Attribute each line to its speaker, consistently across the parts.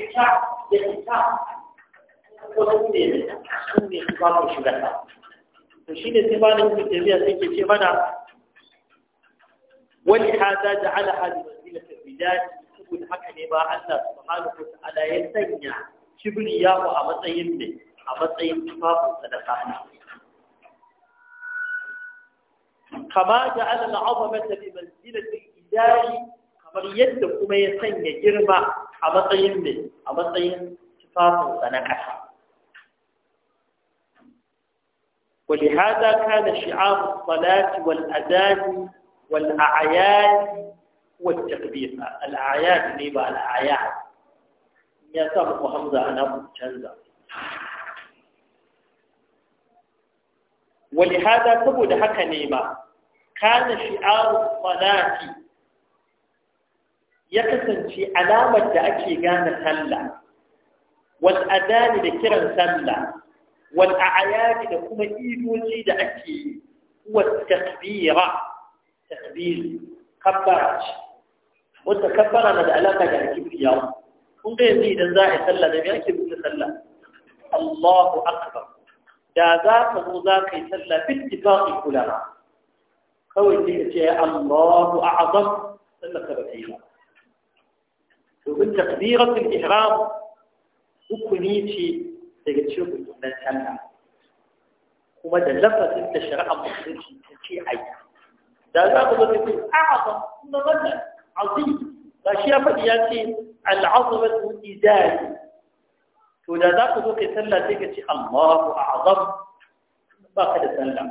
Speaker 1: cuta da cuta wasu ne su ne su ba su shiga ta to shi ne sai ba da mutum sai ke ce mana wani hada da ala hadi wasila ta bidani saboda haka ne ba Allah subhanahu ko ta'ala ya sanya kibri ya a matsayin ne a matsayin tufafin sadaka kama da ala al'azamata bi manzilatil idari kamar yadda kuma ya sanya girma a matsayin ne a matsayin na ƙasa ولهذا كان شعار الصلاة والأذان والأعياد والتكبير الأعياد نيبا الأعياد يا سبق حمزة أنا أبو تشنزة ولهذا سبب حكى نيما كان شعار الصلاة ya kasance alamar da ake gane sallah wal adani da kiran sallah wal a'yadi da kuma idoji da ake yi wa takbira takbir kabbara ce wata kabbara na da alaka da ake alkibriya kun ga yanzu idan za a yi sallah da me ake buɗe sallah Allahu akbar da za ka zo za ka yi sallah bil ittifaqi ulama kawai sai ka ce Allahu a'zam sallaka ka ba ta yi ba domin takbiratul ihram hukuni ce daga cikin sallah kuma da lafazin da shari'a musulunci ta ce ai da za ku zama ce a'azam ah, wannan azim shi ya faɗi ya ce al'azamatu idari to da za ku zo kai sallah sai ka ce Allahu a'azam ba ka da sallah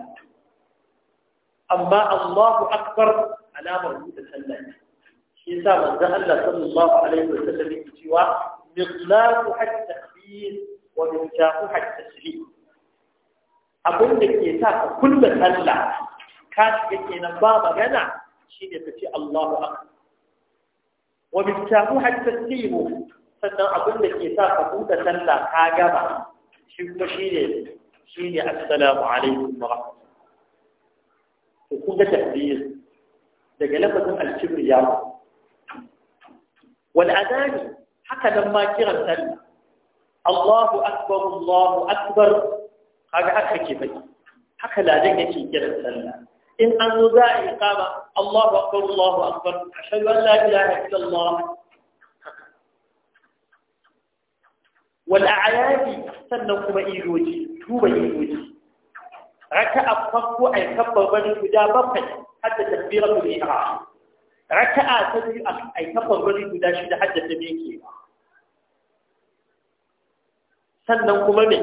Speaker 1: amma Allahu akbar alamar buɗe sallah ne shi yasa manzo Allah sallallahu alaihi wasallam yake cewa miqlaqu hatta takbir wa miqlaqu hatta taslim abin da ke sa ka kulle sallah ka shiga kenan ba magana shine ka ce Allahu akbar wa miqlaqu hatta taslim sannan abin da ke sa ka buɗe sallah ka gaba shi kuma shine shine assalamu alaikum wa rahmatullahi to kun ga takbir daga lafazin al والأذان حتى لما كرا سلم الله أكبر الله أكبر هذا حكا كيفي حكا لا دنيا كرا سلم إن أنه قال الله أكبر الله أكبر أشهد أن لا إله إلا الله والأعياد سنوكم إيجوجي توب إيجوجي ركع الصف أي كبر من حتى تكبيرة الإحرام raka'a ta biyu a ai ta bangare guda shi da haddace me yake sannan kuma me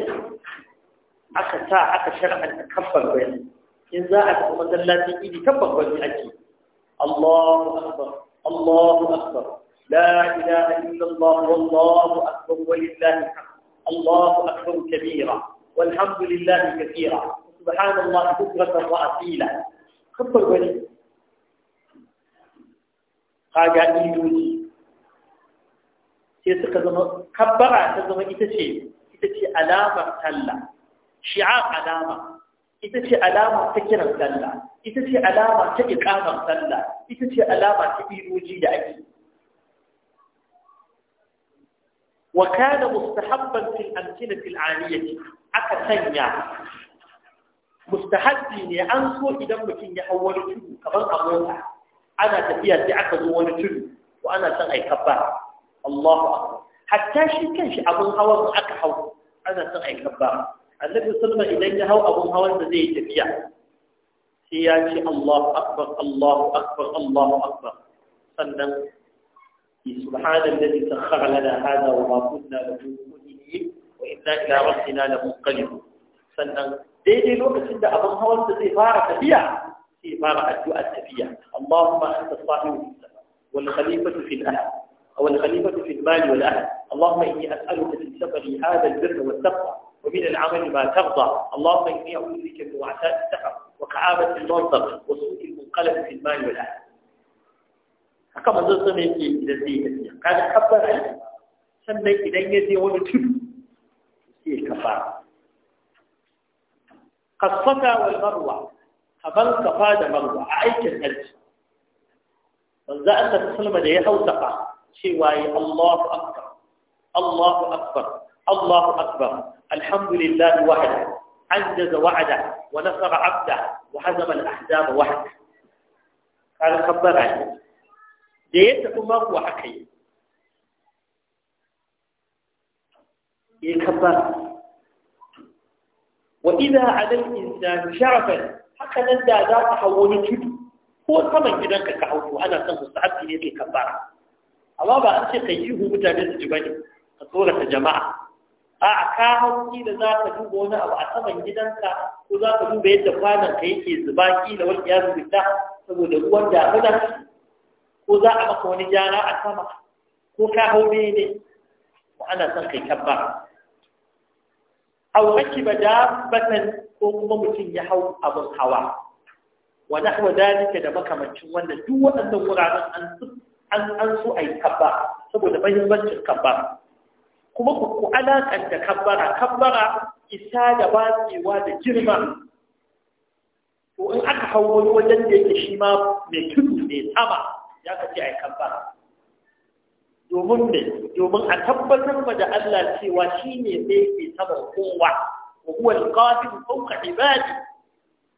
Speaker 1: aka sa aka shar'anta kabbar bari in za a tafi masallacin idi kabbar bari ake Allahu akbar Allahu akbar la ilaha illallah wallahu akbar walillahi alhamd Allahu akbar kabira walhamdulillahi kathira subhanallahi bukratan wa asila kabbar bari kaga idoji sai suka zama kabbara ta zama ita ce ita ce alamar talla shi'a alama ita ce alama ta kiran sallah ita ce alama ta iqamar sallah ita ce alama ta idoji da ake wa kana mustahabban fil amkinati al aliyati aka sanya mustahabbi ne an so idan mutum ya hawwar tudu kamar a mota أنا تفيا تعك دون وأنا سن أي كبا الله أكبر حتى شيء كان شيء أبو هوا أك أنا سن أي كبا النبي صلى الله عليه وسلم إذا هوا أبو هوا الذي تفيا هي شيء الله أكبر الله أكبر الله أكبر سلم سبحان الذي سخر لنا هذا وما كنا له مؤمنين وإنا إلى ربنا لمنقلبون سلم دي لوكس عند أبو هوا الذي فارق فيها فيما رأت الدعاء اللهم أنت الصاحب في السماء والخليفة في الأهل أو الخليفة في المال والأهل اللهم إني أسألك في سفري هذا البر والتقوى ومن العمل ما ترضى اللهم إني أعوذ بك من وعثاء السفر وكعابة المنصب وسوء المنقلب في المال والأهل haka manzo sama yake idan zai tafiya kaga kabbar ai sannan idan ya je a ban kafa da marwa a aikin hajji manzo Allah sallama da ya hau safa cewa yi Allahu akbar Allahu akbar Allahu akbar alhamdulillahi wahda عجز وعده ونصر عبده وهزم الأحزاب وحده قال خبر عنه ديت عمر وحكي يكبر وإذا على الإنسان شرفا haka nan da za ka hau wani tudu ko saman gidanka ka hau to ana son su mustahabbi ne kai kabbara amma ba an ce kai ihu mutane su ji bane ka tsorata jama'a a ka hau da za ka duba wani abu a saman gidanka ko za ka duba yadda kwanan ka yake zuba kila wani iyazu billah saboda ruwan damuna ko za a maka wani jara a sama ko ka hau ne ko ana son kai kabbara aw rakiba batan ko kuma mutum ya hau abin hawa wa nahwa dalika da makamancin wannan duk waɗannan wuraren an an an so kabba saboda mahimmancin kabba kuma ku da kabbara kabbara isa da batsewa da girma to in aka hau wani wajen da yake shi ma mai tudu mai sama ya ka ce a yi kabbara domin ne domin a tabbatar ma da Allah cewa shi ne mai ke sama kowa وهو القادر فوق عباده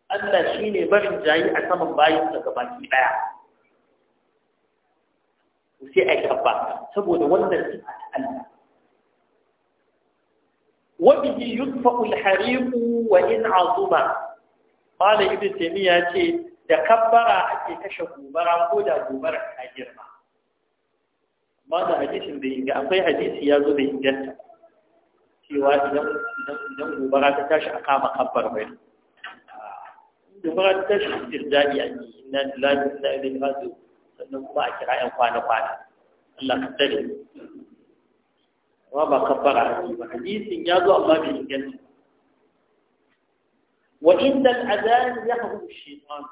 Speaker 1: Allah shi ne barin jayi a saman bayansa ga baki ɗaya sai a gaba saboda wannan sifa ta وبه يدفع الحريق وإن عظما قال ابن تيمية da kabbara ake kashe gobara ko da gobara ta girma amma da hadisin da inga akwai ya zo da cewa idan gobara ta tashi a kama kabbar bai gobara ta tashi istirjani a yi na lillahi na ilaihi raji'un sannan kuma a kira yan kwana kwana Allah ka tsare amma ba kabbara hadisi ba hadisin ya zo amma bai inganta wa inda al'adhan yahum shaytan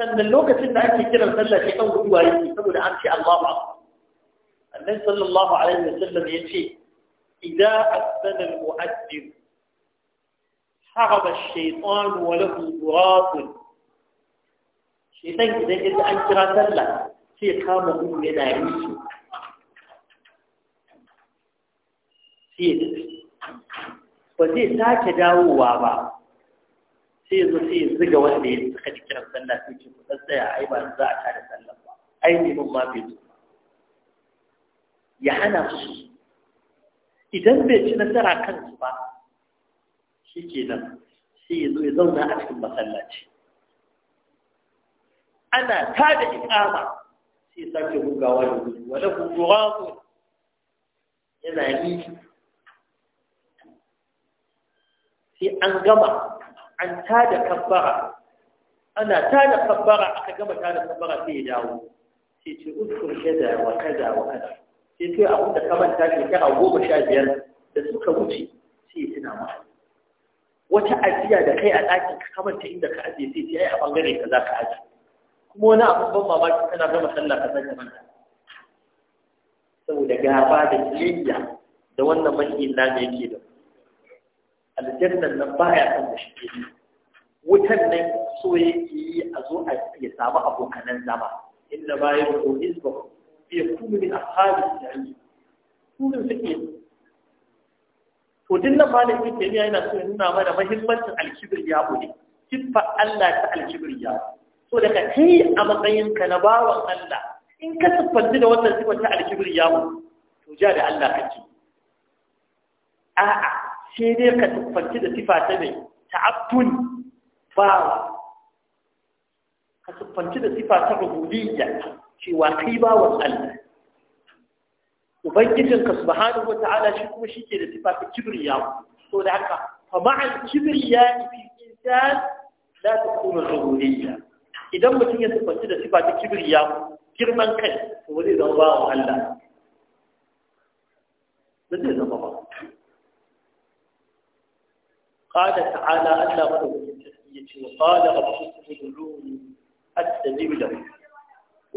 Speaker 1: sannan lokacin da ake kiran sallah shaytan guduwa yake saboda an ce Allahu akbar annabi sallallahu alaihi wasallam ya ce إذا أثن المؤذن حرب الشيطان وله غراب الشيطان إذا أنت أن ترى سلة في قامه من عيسى في ساك داو وابا في في زق وحدي سخت كرا سلة في كيف تستيع عيبا نزاع كان سلة أين مما في يحنى في idan bai ci nasara kansu ba shi ke nan sai ya zauna a cikin masallaci ana ta da ikama sai ya sake bugawa da gudu wadda gugura ku yana yi. sai an gama an ta da kabbara ana ta da kabbara aka gama ta da kabbara sai ya dawo sai ce ukur kaza wa kaza wa kaza sai kai abin da ka manta shekara goma sha biyar da suka wuce sai ya tuna maka wata ajiya da kai a ɗakin ka kamanta inda ka ajiye sai sai a bangare ka za ka aji. kuma wani abin ban mamaki kana gama sallah ka sanya manta saboda gaba da kiyayya da wannan makiyin namu yake da aljannan nan baya san da shi ke wutan nan so yake yi a zo a ya samu abokanan zama inda bayan ruhu hizbahu yakunu min ashabi jahannam kullun suke to din nan malam ibn taymiya yana so ya nuna mana muhimmancin al-kibriya ne siffa Allah ta al-kibriya so daga kai a matsayin ka na bawan Allah in ka siffanci da wannan siffar ta ya kibriya to ja da Allah kake a'a sai dai ka siffanci da siffa ta mai ta'abbun bawa ka siffanci da siffa ta rububiyya cewa kai bawan Allah ubangijinka subhanahu wata'ala shi kuma shi ke da sifa ta kibriya so da haka fa ma'al kibriya fi insan la takunu rububiyya idan mutum ya sifanci da sifa ta kibriya girman kai to wani zama bawan Allah ba zai zama ba قال تعالى ألا ولو يتسيتي وقال رب ادعوني أستجب لكم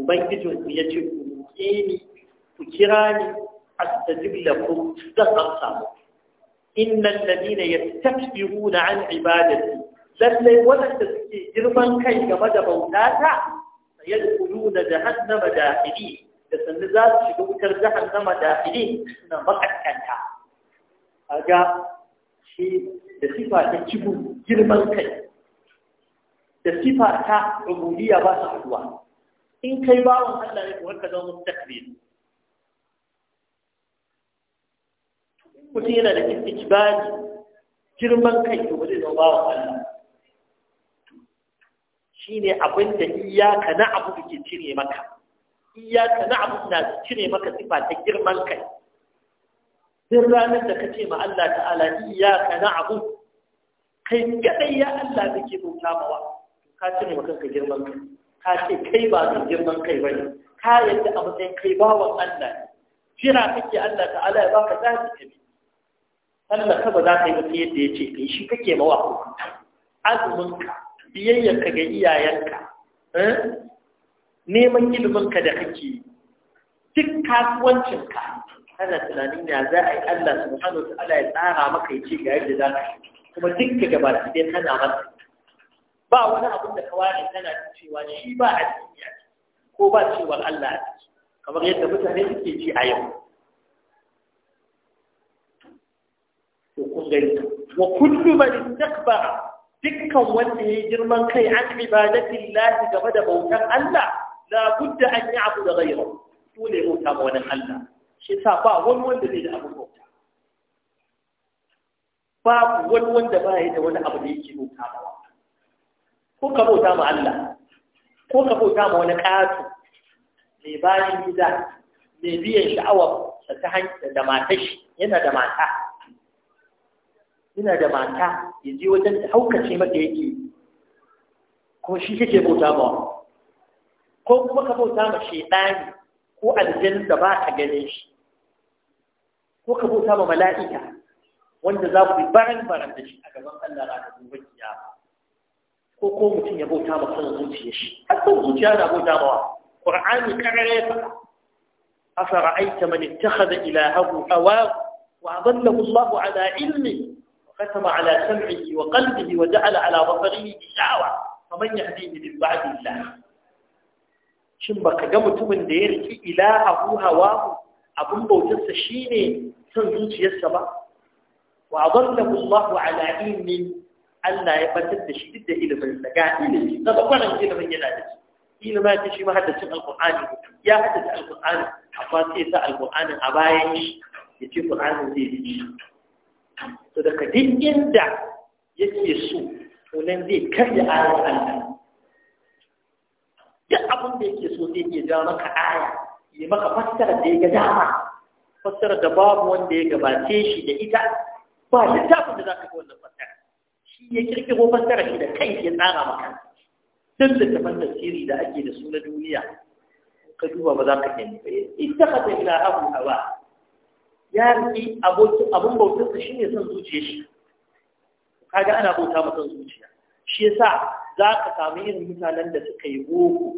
Speaker 1: ubangijin ku ya ce ku roƙe ni ku kira ni astajib ku zan amsa muku innal ladina yastakbiruna an ibadati lalle wanda suke girman kai game da bautata sayadkhuluna jahannama dakhili da sannu za su shiga wutar jahannama dakhili suna makaskanta kaga shi da sifa ta kibu girman kai da sifa ta rububiyya ba su haduwa in kai bawan Allah ne kuwa ka zama mustaqbil mutum yana da istijbani girman kai to zai zama bawan Allah shine abin da iyaka na abu da ke cire maka iyaka na abu na cire maka sifa ta girman kai duk ranar da ka ce ma Allah ta'ala iyaka na abu kai kadai ya Allah da ke bauta mawa ka cire maka girman kai ka ce kai ba su girman kai ba ne ka yadda a matsayin kai bawan Allah ne jira kake Allah ta'ala ya baka zaɓi ka bi Allah ka ba za ka yi wata yadda ya ce kai shi kake mawa azuminka ka ga iyayenka eh? neman ka da kake duk kasuwancinka kana tunanin ya za a yi Allah subhanahu wa ta'ala ya tsara maka ya ce ga yadda za ka kuma duk ka gaba da kana masa ba wani abin da kawai tana cewa shi ba addini a ciki ko ba cewar Allah a ciki kamar yadda mutane suke ji a yau to kun gani wa kullu man istakbara dukkan wanda yayi girman kai an ibadati Allah gaba da bautar Allah la budda an ya'budu ghayrahu dole bauta ma wani Allah shi sa ba wani wanda zai da abin bauta babu wani wanda ba ya da wani abu da yake bauta ba ko ka bauta ma Allah ko ka bauta ma wani ƙato mai bayan gida mai biyan da ta hanyar da mata shi yana da mata yana da mata ya je wajen ta haukace mata yake ko shi kake bauta ma ko kuma ka bauta ma shaidani ko aljanna da ba ka gane shi ko ka bauta ma mala'ika wanda za ku yi baran baran da shi a gaban Allah ranar gobe kiyama ko ko mutum ya bauta ma son zuciya shi har son zuciya na bauta mawa qur'ani karare ya faɗa afara'aita man ittakhadha ilahahu hawahu wa adallahu Allahu ala ilmi wa katama ala sam'ihi wa qalbihi wa ja'ala ala basarihi ishawa faman yahdihi min ba'di Allah shin baka ga mutumin da ya riki ilahu hawahu abun bautarsa shine son zuciyarsa ba wa adallahu Allahu ala ilmi Allah ya batar da shi duk da ilimin da ga ilimi da kwanan ilimin yana da shi ilimin ta shi mahaddacin alqur'ani ya haddace alqur'ani a sai sa alqur'anin a bayan shi ya ce qur'anin zai yi to daga duk inda yake so to nan zai karya ayar Allah duk abin da yake so zai iya jawo maka aya ya maka fassara da ya ga dama fassara da babu wanda ya gabace shi da ita ba littafin da za ka ga wannan fassara shi ya kirkiro fassara shi da kai ya tsara maka duk littafan tafsiri da ake da su na duniya ka duba ba za ka gani ba ita ka ta ila abu hawa ya riki abokin abun bautarsa shi ne son zuciya shi kaga ana bauta masa zuciya shi yasa za ka samu irin mutanen da suka yi boko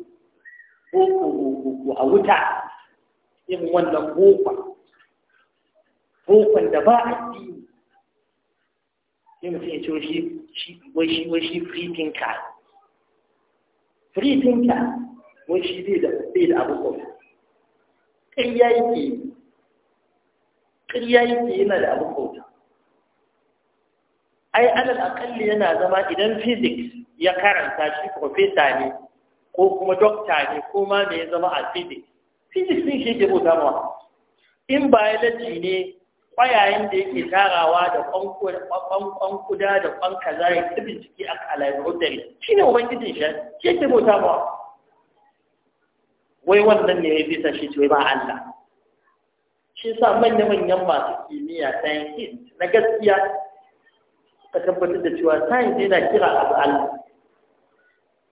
Speaker 1: boko boko a wuta yin wannan boko boko da ba addini sai mutum ya ce wai shi wai shi free thinker free thinker wai shi bai da bai da abu kawai ƙarya yake ƙarya yake yana da abu kawai ai alal akalli yana zama idan physics ya karanta shi profesa ne ko kuma dokta ne ko ma me ya zama a physics physics din shi ke bauta ma in biology ne ƙwayayen da yake tarawa da ƙwan kuda da ƙwan kaza ya ta bincike a dare, shi ne ubangijin shi ke ke bauta ba wai wannan ne ya bisa shi ce ba Allah shi sa manya-manyan masu kimiyya scientist na gaskiya ka tabbatar da cewa science yana kira abu Allah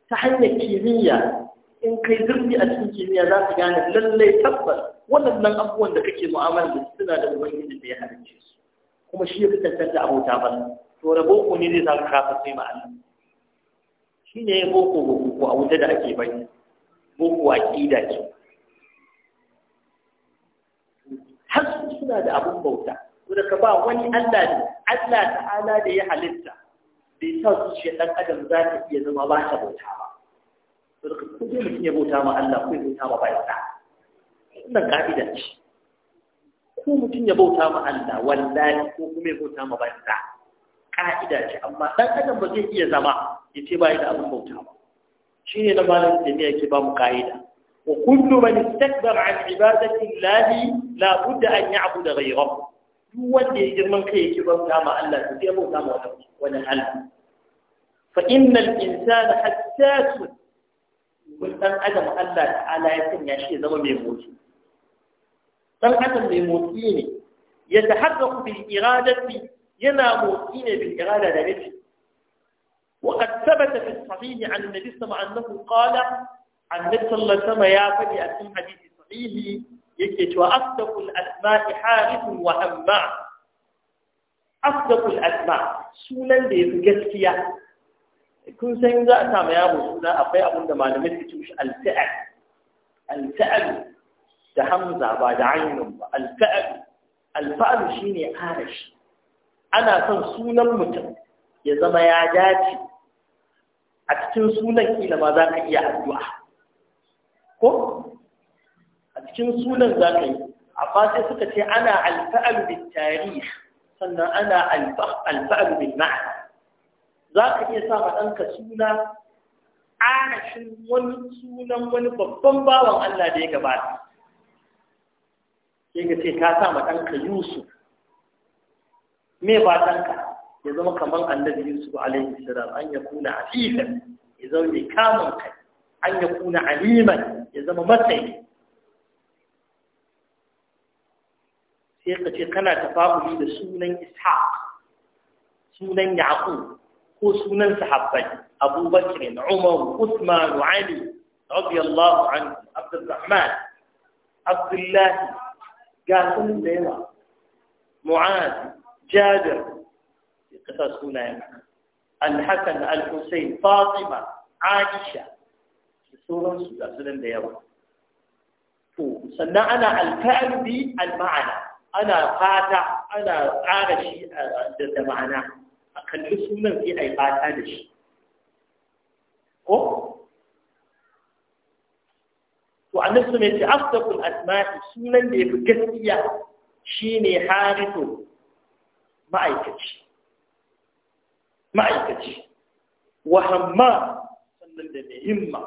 Speaker 1: ta hanyar kimiyya in kai zurfi a cikin kimiyya za ka gane lallai tabbas waɗannan abubuwan da kake mu'amala da suna da ubangiji da ya halicce su kuma shi ya fi tantance abota ba to rabo ku ne zai zaka kafa sai ma Allah shi ne boko boko a wuta da ake bai boko a kida ce har suna da abun bauta to ka ba wani Allah ne Allah ta'ala da ya halitta bai sa su shi dan adam za ta iya zama ba ta bauta ba ko dai mutum ya bauta ma Allah ko ya bauta ma bayan sa wannan ka'ida ce ko mutum ya bauta ma Allah wallahi ko kuma ya bauta ma bayan sa ka'ida ce amma dan adam ba zai iya zama ya ce bai da abin bauta ba shine na malam jami'a ne yake ba mu ka'ida wa kullu man istakbara an ibadati llahi la budda an ya'budu ghayrahu duk wanda ya girman kai yake bauta ma Allah to sai bauta ma wani Allah fa innal insana hassasun wani ɗan adam Allah ta'ala ya sanya shi zama mai motsi ɗan adam mai motsi ne ya ta haɗa ku bin iradarsi yana motsi ne bin irada da nufi wa a tabbata fi sahihi an nabi sama annahu qala an nabi sama ya faɗi a cikin hadisi sahihi yake cewa asdaqul asma'i harifun wa hamma asdaqul sunan da yafi gaskiya kun san za a sa ma suna akwai abin da malamai suke cewa al-ta'al da hamza ba da ainun ba al-ta'al al-fa'al arashi ana son sunan mutum ya zama ya dace a cikin sunan kila ma za ka iya addu'a ko a cikin sunan za ka yi amma sai suka ce ana al-fa'al tarihi sannan ana al-fa'al bil ma'ana za ka iya sa ma ɗanka suna arashin wani sunan wani babban bawan Allah da ya gabata sai ka ce ka sa ma ɗanka Yusuf me ba ɗanka ya zama kamar annabi Yusuf alaihi salam an ya kuna afifan ya zama mai kamun kai an ya kuna aliman ya zama matsayi sai ka ce kana tafa'uli da sunan Ishaq sunan Yaqub وسنا صحابي ابو بكر عمر عثمان علي رضي الله عنه عبد الرحمن عبد الله جاسم ديما معاذ جابر قصص هنا الحسن الحسين فاطمه عائشه سورة سورة ديما سنة أنا الفعل بالمعنى أنا فاتح أنا عارشي عند معناه a kalli sunan sai a yi fata da shi ko to annabi sun ce afdalul asma'i sunan da yafi gaskiya shine harifu ma'aikaci ma'aikaci wa hamma sannan da mai himma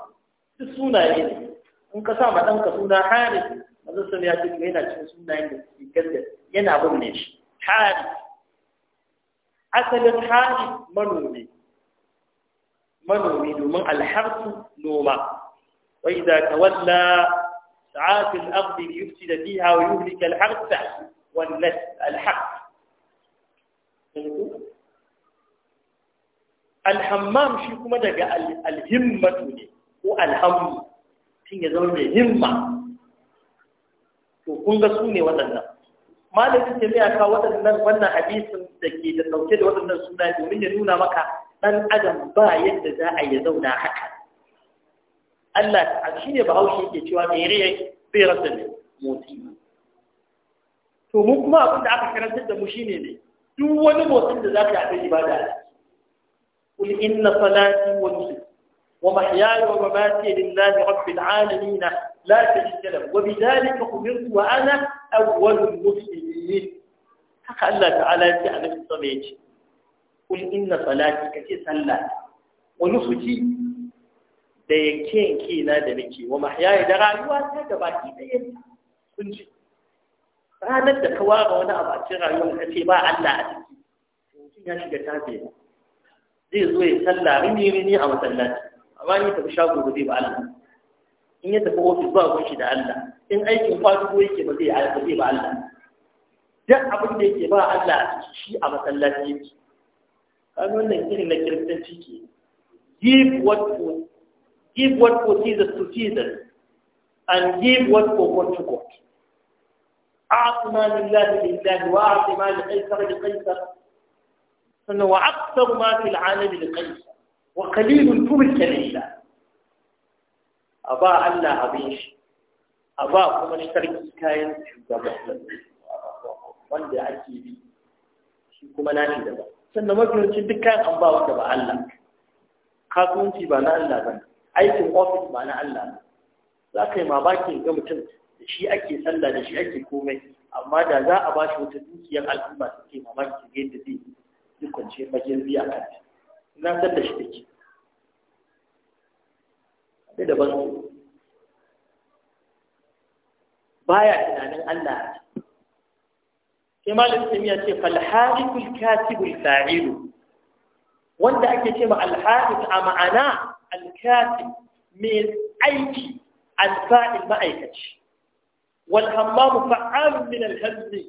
Speaker 1: duk sunaye ne in ka sa ma ɗanka suna harif manzo sun ya ce yana cikin sunayen da suke gaskiya yana bin ne shi harif asalin hali manomi manomi domin alharsu noma wai idza tawalla sa'at al-ard yufsida fiha wa yuhlika al-harsa wan nas al-harth alhammam shi kuma daga alhimmatu ne ko alhammu shi ya zama mai himma to kun ga su ne waɗannan malamin jami'a ka waɗannan wannan hadisin da ke da ɗauke da waɗannan suna domin ya nuna maka ɗan adam ba yadda za a yi zauna haka Allah ta shi ne bahaushe yake cewa mai rai bai rasa ne motsi to mu kuma abin da aka karantar da mu shine ne duk wani motsin da za ka yi a ibada a ciki قل إن صلاتي ونسكي ومحياي ومماتي لله رب العالمين لا شريك له وبذلك أمرت وأنا أول المسلمين haka Allah ta'ala ya ce a nufin sama ya ce kun inna salati ka ce sallah wani suci da yanke yanke na da nake wa mahyayi da rayuwa ta baki da ɗaya kun ji ranar da ka ware wani abu a cikin ka ce ba Allah a ciki mutum ya shiga tafiya zai zo ya sallah rini rini a masallaci amma ni tafi shago da zai ba Allah in ya tafi ofis ba kunshi da Allah in aikin kwadugo yake ba zai ba Allah duk abin da yake ba Allah a shi a masallaci yake kan wannan irin na kiristanci ke give what for give what for Jesus to Jesus and give what for God to God أعط لله لله وأعط ما لقيصر لقيصر وأكثر ما في العالم لقيصر وقليل ترك لله أبا الله أبيش أبا كما اشترك كاين شو wanda ake bi shi kuma na shi daban sannan mafiyancin duk kayan an ba wanda ba Allah kasuwanci ba na Allah ba aikin ofis ba na Allah ba za ka yi mamakin ga mutum da shi ake sallah da shi ake komai amma da za a ba shi wata dukiyar al'umma su ke mamakin ga yadda zai yi kwanciyar biya a kanta na san da shi da ke da daban baya tunanin Allah sai malam tamiya ce fal harikul katibul fa'ilu wanda ake ce ma al a ma'ana al mai aiki al fa'il ma'aikaci wal hammamu fa'alun min al hammi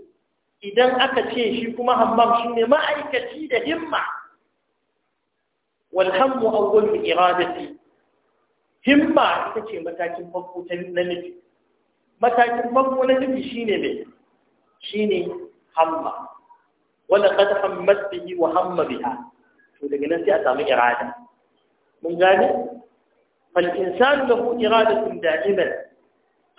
Speaker 1: idan aka ce shi kuma hammam shine ma'aikaci da himma wal hammu awwalul iradati himma ita ce matakin farko ta na nufi matakin farko na nufi shine mai shine hamma wala qad hammat bihi wa hamma biha to daga nan sai a samu irada mun gane fal insanu lahu iradatun da'iman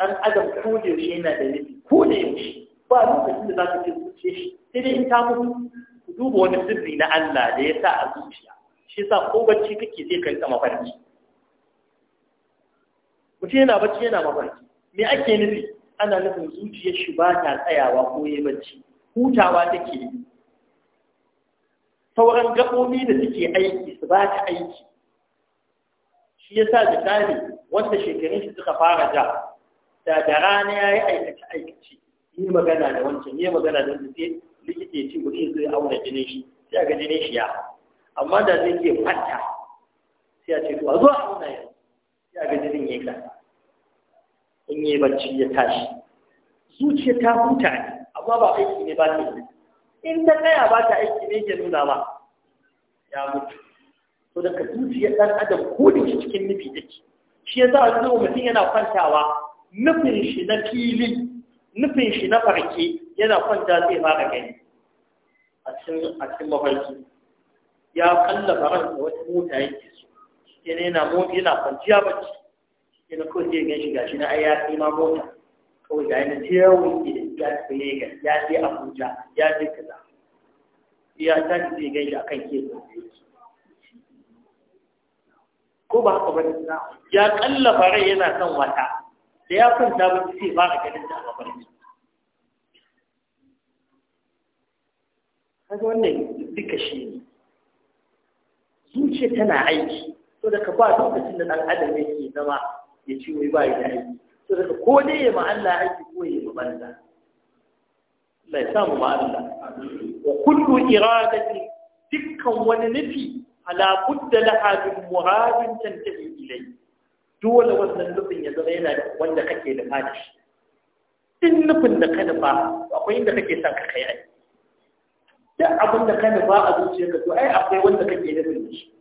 Speaker 1: an adam ko da yaushe yana da nufi ko da yaushe ba lokacin da ka ce ce shi sai dai in ta mutu ku duba wani sirri na Allah da ya sa a zuciya shi sa ko bacci kake sai yi ta mafarki mutum yana bacci yana mafarki me ake nufi ana nufin zuciyar shi ba ta tsayawa ko yi bacci hutawa take yi sauran gaɓoɓi da suke aiki su ba ta aiki shi ya sa tsari wanda shekarun shi suka fara ja da da rana ya yi aikace aikace yi magana da wancan yi magana da wanda sai likita ya ce shi zai auna jinin shi sai a ga jinin shi ya amma da zai ke fata sai a ce to a zo a auna yanzu sai a ga jinin ya kasa in yi bacci ya tashi zuciya ta huta ne kuma ba aiki ne ba ne in ta kaya ba ta aiki ne ke nuna ba ya mutu to da ka zuciyar ɗan adam ko da shi cikin nufi take shi ya za a zuwa mutum yana kwantawa nufin shi na fili nufin shi na farke yana kwanta zai fara gani a cikin mafarki ya kallafa da wata mota yake so shi ne yana mota yana kwanciya bacci shi ne kawai zai gan shi gashi na ai ya kai ma mota kawai ga yana ce yawon gida ya tafi Legas ya je Abuja ya je kaza ya ta ce zai a kan ke da ko ba haka bane ya kalla fara yana son wata da ya kwanta ba sai fara ganin da ne kaga wannan duka shi ne zuciya tana aiki to da ka ba lokacin da ɗan adam yake zama ya ce wai ba ya da aiki to daga ko dai ya Allah aiki ko ya ma banza Allah ya samu ma Allah wa kullu iradati dukkan wani nufi ala budda laha min muradin tantahi ilayhi dole wannan nufin ya zama yana da wanda kake da fadi din nufin da ka nufa akwai inda kake son ka kai ai duk abin da ka nufa a zuciyarka to ai akwai wanda kake nufin shi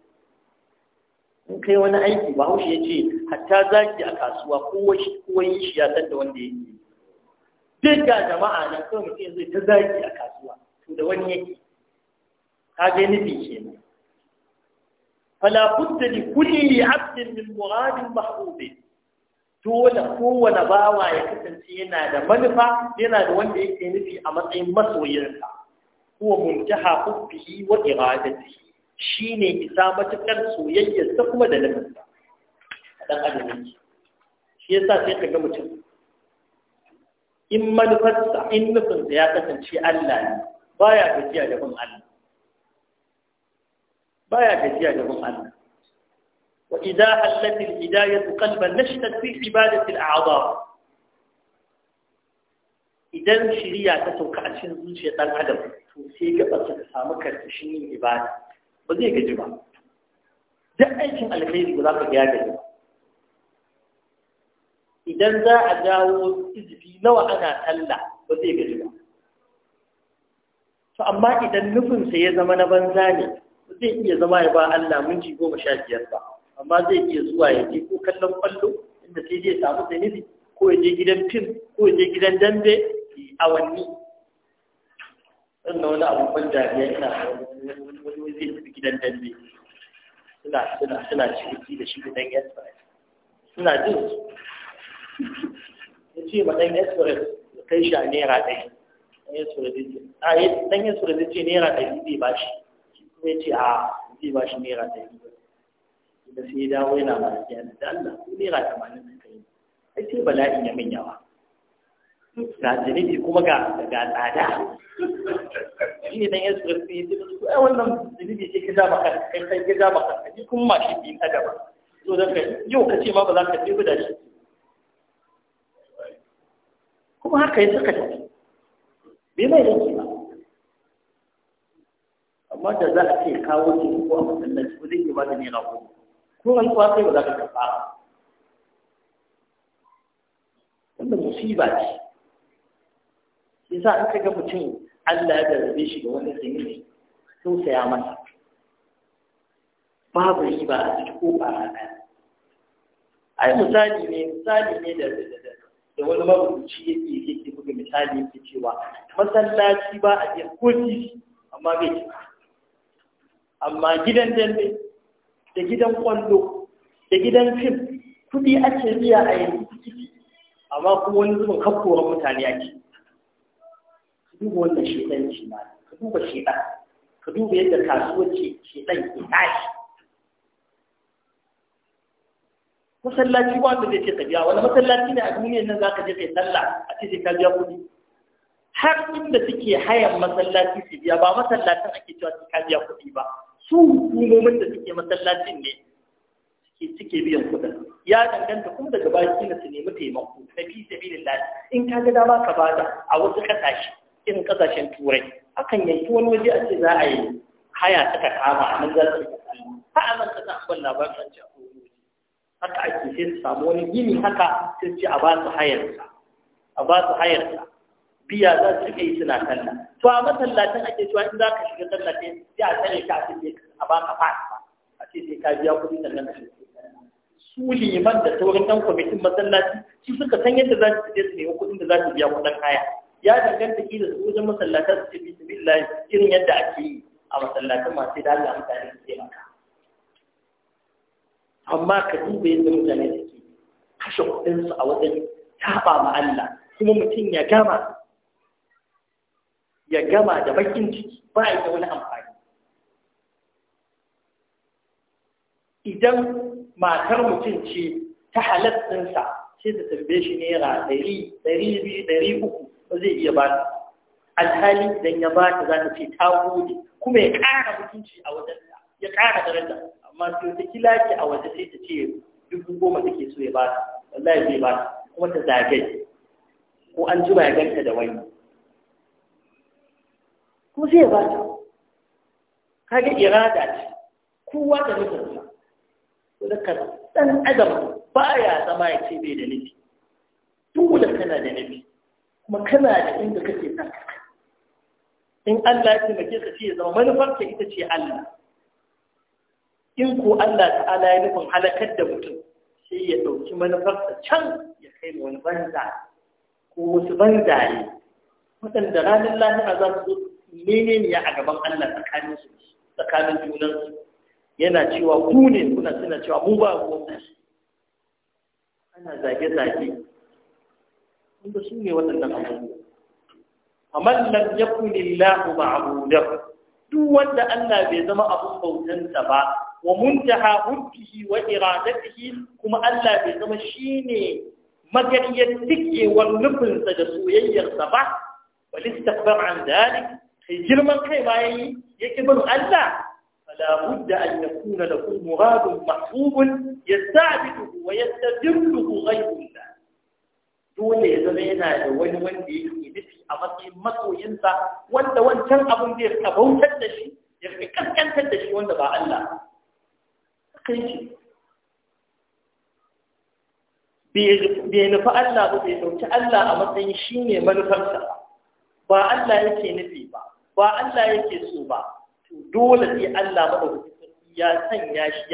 Speaker 1: in kai wani aiki ba haushi ya ce hatta zaki a kasuwa kowa yi shi ya san da wanda yake duk ga jama'a na kawai mutum zai ta zaki a kasuwa da wani yake ka ga nufi kenan fala budda li 'abdin min muradin mahbubin dole kowane bawa ya kasance yana da manufa yana da wanda yake nufi a matsayin masoyinsa mun muntaha hubbihi wa iradatihi shi ne isa matukar soyayya ta kuma da lafiya dan ɗan adam shi yasa sai ka ga mutum in manufarsa in nufin da ya kasance Allah ne baya gajiya da bin Allah baya gajiya da bin Allah wa idza hallatil hidayatu qalban nashtat fi ibadati al'adha idan shiriya ta sauka a cikin zuciyar dan adam to sai ga ba ta samu karkashin yin ibada ba zai gaji ba duk aikin alkhairi ba za ka ga ya gaji ba idan za a dawo izifi nawa ana talla ba zai gaji ba to amma idan nufinsa ya zama na banza ne zai iya zama ya ba Allah minti goma sha biyar ba amma zai iya zuwa ya je ko kallon kwallo inda sai zai samu zanibi ko ya je gidan fim ko ya je gidan dambe awanni sannan wani abubuwan jami'a ina wani wani zai tafi gidan dambe suna suna suna ciniki da shi gidan express suna jin su ya ce ma ɗan kai shi a naira ɗari ɗan express ya ce a ɗan express ya ce naira ɗari zai ba shi kuma ya ce a zai ba shi naira ɗari da sai ya dawo yana ma da Allah naira tamanin suka yi ai sai bala'in ya min yawa ga janibi kuma ga ga tsada shi ne dan ya tsirfi ya ce ai wannan janibi sai ka ja maka kai kai ka ja maka kai kuma ma shi bin adaba so dan kai yau ka ce ma ba za ka tafi da shi kuma haka ya saka tafi bai mai yake ba amma da za a ce kawo ce ko a masallaci ko zai ke ba da naira goma ko an kuwa sai ba za ka karɓa wannan musiba ce yasa an ga mutum Allah ya garbe shi da wani zunubi tausaya masa babu riba a cikin ko bara ɗaya ai misali ne misali ne da da wani marubuci yake yake buga misali yake cewa masallaci ba a je ko amma bai ci amma gidan dambe da gidan kwallo da gidan fim kuɗi ake biya a yanzu ciki amma kuma wani zubin kakkoran mutane ake ka duba wannan shi ma ka duba shedan ka duba yadda kasuwar shedan ke tashi masallaci ba wanda zai ce ka biya wani masallaci ne a duniyar nan za ka je kai sallah a ce sai ka biya kuɗi har inda suke hayan masallaci su biya ba masallacin ake cewa su ka biya kuɗi ba su hukumomin da suke masallacin ne suke suke biyan kuɗin ya danganta kuma daga baki na su nemi taimako na fi sabilillah in ka ga dama ka bada a wasu ƙasashe irin kasashen turai akan yanki wani waje a ce za a yi haya ta ka kama a nan za su yi ta a nan kasa abin labarin an ce a kowane haka ake sai su samu wani gini haka sai ce a ba su hayarsa a ba su hayarsa biya za su yi suna sallah to a masallacin ake cewa in za ka shiga tallafi? sai a tsare ka a ce a ba ka fata a ce sai ka biya kuɗi sannan ka shiga su liman da sauran ɗan kwamitin masallaci su suka san yadda za su je su nemi kuɗin da za su biya kuɗin haya ya danganta kila su wajen masallatar su bi su billahi irin yadda ake yi a masallatar masu da Allah mutane su taimaka amma ka duba yadda mutane suke kashe kuɗinsu a wajen taɓa ma Allah kuma mutum ya gama ya gama da bakin ciki ba ya wani amfani idan matar mutum ce ta halattinsa sai ta tambaye shi naira ɗari biyu ɗari uku zai iya ba alhali idan ya ba ta za ta ce ta gode kuma ya ƙara mutunci a wajen ya ƙara daraja amma sai kila ki a waje sai ta ce dubu goma take so ya ba ta wallahi zai ba ta kuma ta zagaye ko an jima ya ganta da wani ko zai ba ta kaga irada ce kowa da nufinsa ko da kan dan adam ba ya zama ya ce bai da nufi dole kana da nufi kuma da inda kake ta in Allah ya taimake ka ce zama manufar ka ita ce Allah in ko Allah ta'ala ya nufin halakar da mutum sai ya ɗauki ta can ya kai wani banza ko wasu ne. waɗanda ranar lahira za su mene ne a gaban Allah tsakanin su tsakanin junansu yana cewa ku ne kuna suna cewa mu ba ruwan ana zage-zage inda su ne waɗannan abubuwa faman lam yakun lillahu ma'budahu duk wanda Allah bai zama abun bautansa ba wa muntaha hubbihi wa iradatihi kuma Allah bai zama shine magariyar tikewar nufinsa da soyayyarsa ba wal istakbar an dalik kai girman kai ma yayi yake bin Allah فلا بد أن يكون له مراد محبوب يستعبده ويستدله غير الله dole ya zama yana da wani wanda yake nufi a matsayin matsoyinsa wanda wancan abin zai rika bautar da shi ya rika kaskantar da shi wanda ba Allah kai shi bai nufi Allah ba bai dauki Allah a matsayin shi ne manufarsa ba Allah yake nufi ba ba Allah yake so ba to dole sai Allah madaukakin ya sanya shi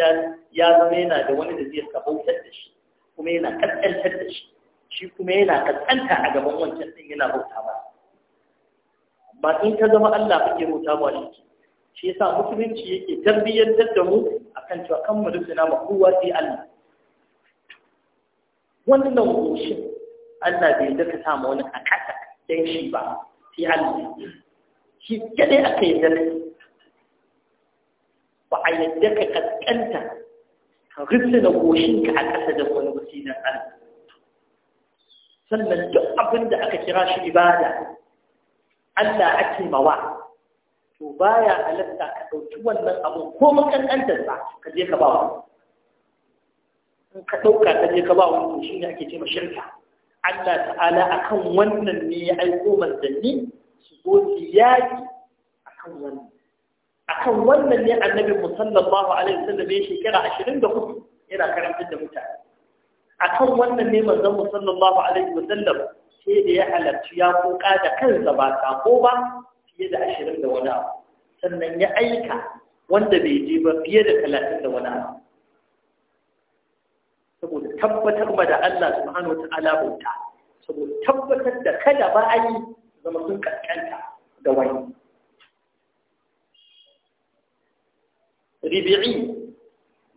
Speaker 1: ya zama yana da wani da zai rika bautar da shi kuma yana kaskantar da shi shi kuma yana kaskanta a gaban wancan ɗin yana bauta ba amma in ka zama Allah kake bauta ba shi shi yasa musulunci yake tarbiyyantar da mu akan cewa kan mu rusuna ma kowa sai Allah wannan goshin Allah bai daka sa ma wani a kasa dan shi ba sai Allah shi kadai aka yi dare ba a yadda ka kaskanta ka rusuna ka a kasa da wani na Allah sannan duk abin da aka kira shi ibada Allah ake mawa to baya halatta ka ɗauki wannan abin ko makankantar ba ka je ka ba wa in ka ɗauka ka je ka ba wa shi ne ake ce ma shirka Allah ta'ala akan wannan ne ya aiko manzanni su zo su yaƙi akan wannan akan wannan ne annabi musallallahu alaihi wasallam ya shekara 24 yana karantar da mutane akan wannan ne manzon sallallahu alaihi wasallam sai da ya halarci ya koka da kansa ba sako ba fiye da ashirin da wani abu sannan ya aika wanda bai je ba fiye da talatin da wani abu saboda tabbatar ba da Allah subhanahu wata'ala bauta saboda tabbatar da kada ba a yi zama sun kaskanta da wani ribi'i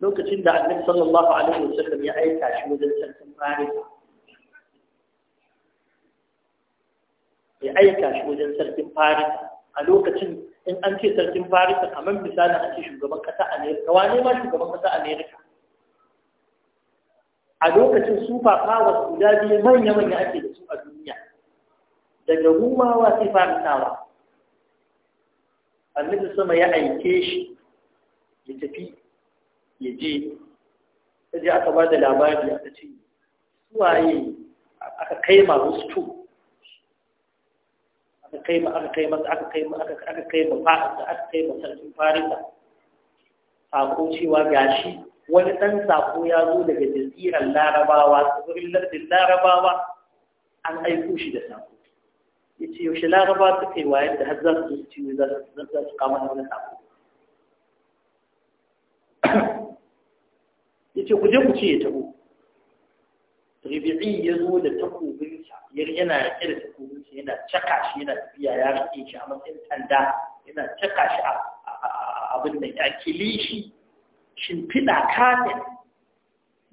Speaker 1: lokacin da annabi sallallahu alaihi wasallam ya aika shi wajen sarkin farisa ya aika shi wajen sarkin farisa a lokacin in an ce sarkin farisa kamar misali a ce shugaban kasa amerika wane ma shugaban kasa amerika a lokacin super power guda biyu manya-manya ake da su a duniya daga rumawa sai farisawa annabi sama ya aike shi ya tafi ya je ta je aka ba da labari a ce suwaye aka kai ma wasu to aka kai ma aka kai ma aka kai ma aka kai ma fa'ata aka kai ma sarkin farisa sako cewa gashi wani dan sako ya zo daga jazirar larabawa tsibirin lardin larabawa an aiko shi da sako ya ce yaushe laraba ta kai wa da har za su ciwo za su kama wani sako yace ku je ku ce ya tabo ribi'i ya zo da takobinsa yana rike da takobinsa yana caka shi yana tafiya ya rike shi a matsayin tanda yana caka shi a abin da ya kili shi shimfiɗa kafin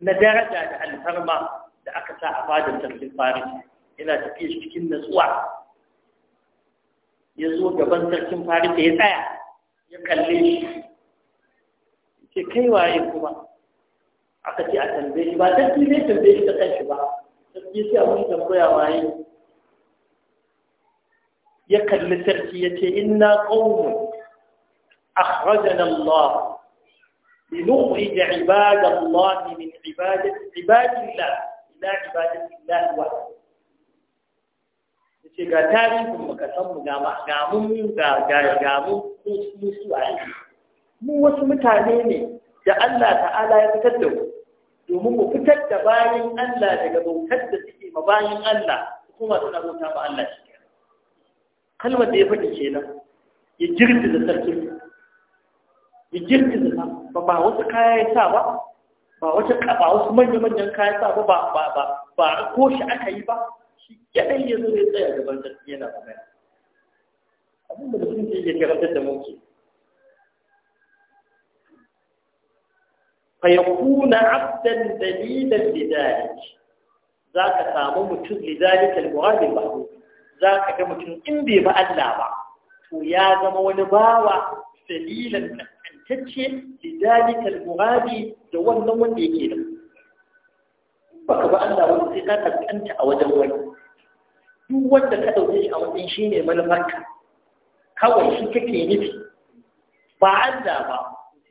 Speaker 1: na daraja da alfarma da aka sa a fadar sarkin farin yana tafiya cikin natsuwa ya zo gaban sarkin da ya tsaya ya kalle shi ke kaiwaye kuma aka ce a tambaye shi ba sarki zai tambaye shi ta kanshi ba sarki sai a wani tambaya waye ya kalli sarki ya ce inna qaumun akhrajana Allah لنخرج عباد الله من عبادة عباد الله إلى عبادة الله وحده ce ga tarihin makasanmu ga mun ga gamu ko su su a yi mu wasu mutane ne da Allah ta'ala ya fitar da mu domin mu fitar da bayan Allah daga bautar da suke ma bayan Allah kuma suna bauta ma Allah shi kenan kalmar da ya faɗi kenan ya da sarkin ya girgiza da ba ba wasu kaya ya sa ba ba wata ƙafa wasu manya-manyan kaya sa ba ba ba ba ba ko shi aka yi ba shi ya ɗan ya zo ya tsaya gaban sarki yana mai abin da mutum ke iya karantar da mu kenan فيكون عبدا دليلا لذلك ذاك سامو متن لذلك المراد za ka ga mutum in bai ba Allah ba to ya zama wani bawa dalilan kantacce lidalika almuradi da wannan wanda yake da baka ba Allah wani sai ka kanta a wajen wani duk wanda ka dauke shi a wajen shine manufarka kawai shi kake nufi ba Allah ba